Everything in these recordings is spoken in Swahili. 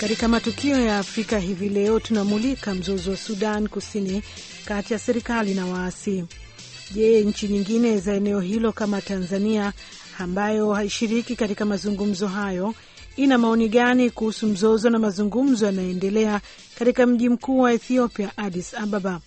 Katika matukio ya Afrika hivi leo tunamulika mzozo wa Sudan Kusini kati ya serikali na waasi. Je, nchi nyingine za eneo hilo kama Tanzania ambayo haishiriki katika mazungumzo hayo ina maoni gani kuhusu mzozo na mazungumzo yanayoendelea katika mji mkuu wa Ethiopia, Addis Ababa?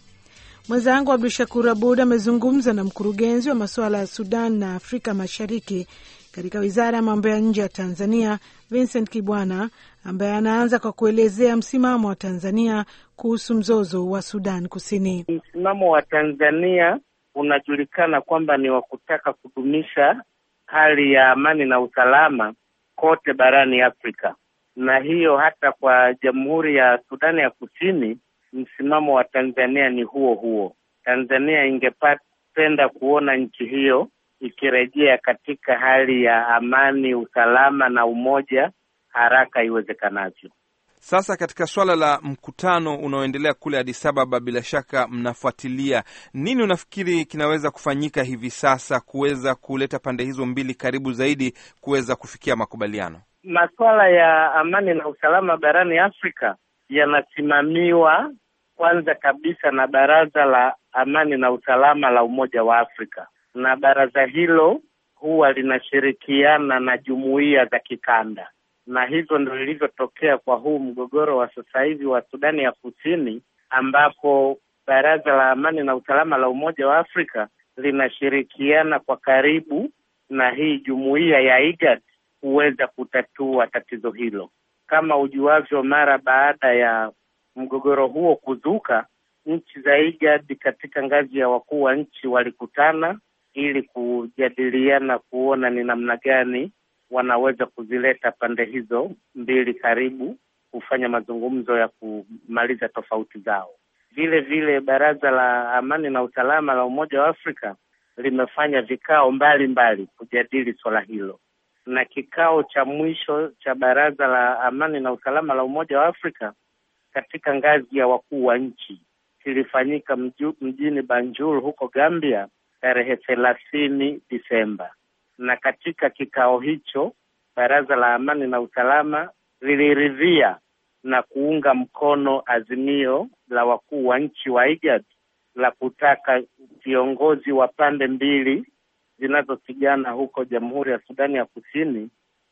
Mwenzangu Abdu Shakur Abud amezungumza na mkurugenzi wa masuala ya Sudan na Afrika Mashariki katika wizara ya mambo ya nje ya Tanzania, Vincent Kibwana, ambaye anaanza kwa kuelezea msimamo wa Tanzania kuhusu mzozo wa Sudan Kusini. Msimamo wa Tanzania unajulikana kwamba ni wa kutaka kudumisha hali ya amani na usalama kote barani Afrika, na hiyo hata kwa Jamhuri ya Sudani ya Kusini, msimamo wa Tanzania ni huo huo. Tanzania ingependa kuona nchi hiyo ikirejea katika hali ya amani, usalama na umoja haraka iwezekanavyo. Sasa katika swala la mkutano unaoendelea kule Addis Ababa, bila shaka mnafuatilia nini, unafikiri kinaweza kufanyika hivi sasa kuweza kuleta pande hizo mbili karibu zaidi kuweza kufikia makubaliano? Masuala ya amani na usalama barani Afrika yanasimamiwa kwanza kabisa na Baraza la Amani na Usalama la Umoja wa Afrika na baraza hilo huwa linashirikiana na jumuiya za kikanda, na hivyo ndo lilivyotokea kwa huu mgogoro wa sasa hivi wa Sudani ya Kusini, ambapo baraza la amani na usalama la Umoja wa Afrika linashirikiana kwa karibu na hii jumuiya ya IGAD kuweza kutatua tatizo hilo. Kama ujuavyo, mara baada ya mgogoro huo kuzuka, nchi za IGAD katika ngazi ya wakuu wa nchi walikutana ili kujadiliana kuona ni namna gani wanaweza kuzileta pande hizo mbili karibu kufanya mazungumzo ya kumaliza tofauti zao. Vile vile Baraza la Amani na Usalama la Umoja wa Afrika limefanya vikao mbalimbali kujadili swala hilo, na kikao cha mwisho cha Baraza la Amani na Usalama la Umoja wa Afrika katika ngazi ya wakuu wa nchi kilifanyika mjini Banjul huko Gambia tarehe thelathini Disemba, na katika kikao hicho Baraza la Amani na Usalama liliridhia na kuunga mkono azimio la wakuu wa nchi wa IGAD la kutaka viongozi wa pande mbili zinazopigana huko Jamhuri ya Sudani ya Kusini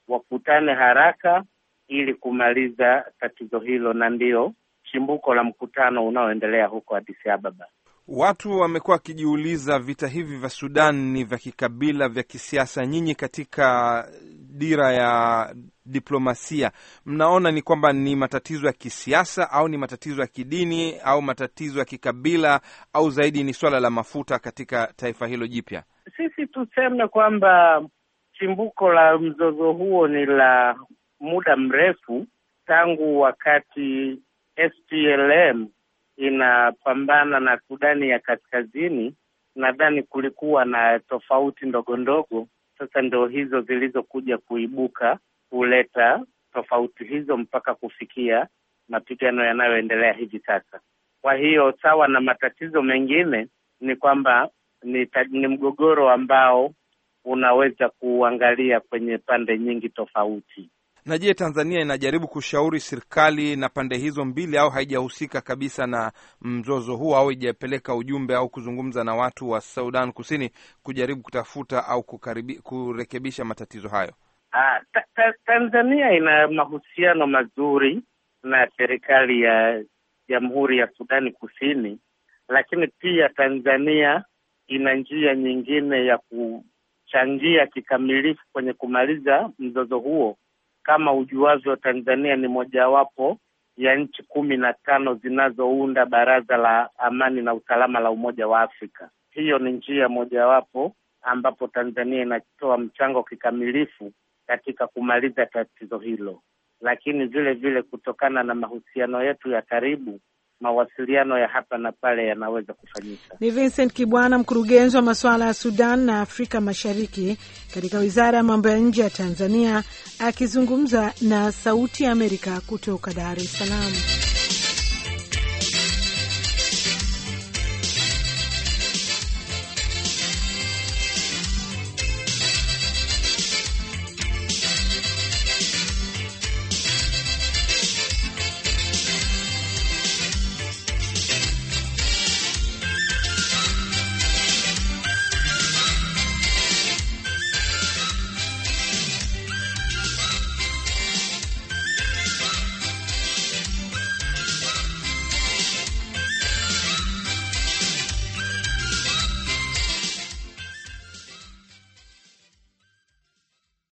wakutane haraka ili kumaliza tatizo hilo, na ndio chimbuko la mkutano unaoendelea huko Addis Ababa. Watu wamekuwa wakijiuliza vita hivi vya Sudan ni vya kikabila, vya kisiasa. Nyinyi katika dira ya diplomasia, mnaona ni kwamba ni matatizo ya kisiasa au ni matatizo ya kidini au matatizo ya kikabila au zaidi ni swala la mafuta katika taifa hilo jipya? Sisi tuseme kwamba chimbuko la mzozo huo ni la muda mrefu tangu wakati SPLM inapambana na Sudani ya Kaskazini, nadhani kulikuwa na tofauti ndogo ndogo. Sasa ndo hizo zilizokuja kuibuka kuleta tofauti hizo mpaka kufikia mapigano yanayoendelea hivi sasa. Kwa hiyo sawa na matatizo mengine, ni kwamba ni, ni mgogoro ambao unaweza kuangalia kwenye pande nyingi tofauti. Na je, Tanzania inajaribu kushauri serikali na pande hizo mbili au haijahusika kabisa na mzozo huu au haijapeleka ujumbe au kuzungumza na watu wa Sudan Kusini kujaribu kutafuta au kukaribi, kurekebisha matatizo hayo? Ah, ta ta Tanzania ina mahusiano mazuri na serikali ya Jamhuri ya, ya Sudani Kusini, lakini pia Tanzania ina njia nyingine ya kuchangia kikamilifu kwenye kumaliza mzozo huo kama wa Tanzania ni mojawapo ya nchi kumi na tano zinazounda Baraza la Amani na Usalama la Umoja wa Afrika. Hiyo ni njia mojawapo ambapo Tanzania inatoa mchango kikamilifu katika kumaliza tatizo hilo, lakini vile vile kutokana na mahusiano yetu ya karibu mawasiliano ya hapa na pale yanaweza kufanyika. Ni Vincent Kibwana, mkurugenzi wa masuala ya Sudan na Afrika Mashariki katika Wizara ya Mambo ya Nje ya Tanzania, akizungumza na Sauti ya Amerika kutoka Dar es Salaam.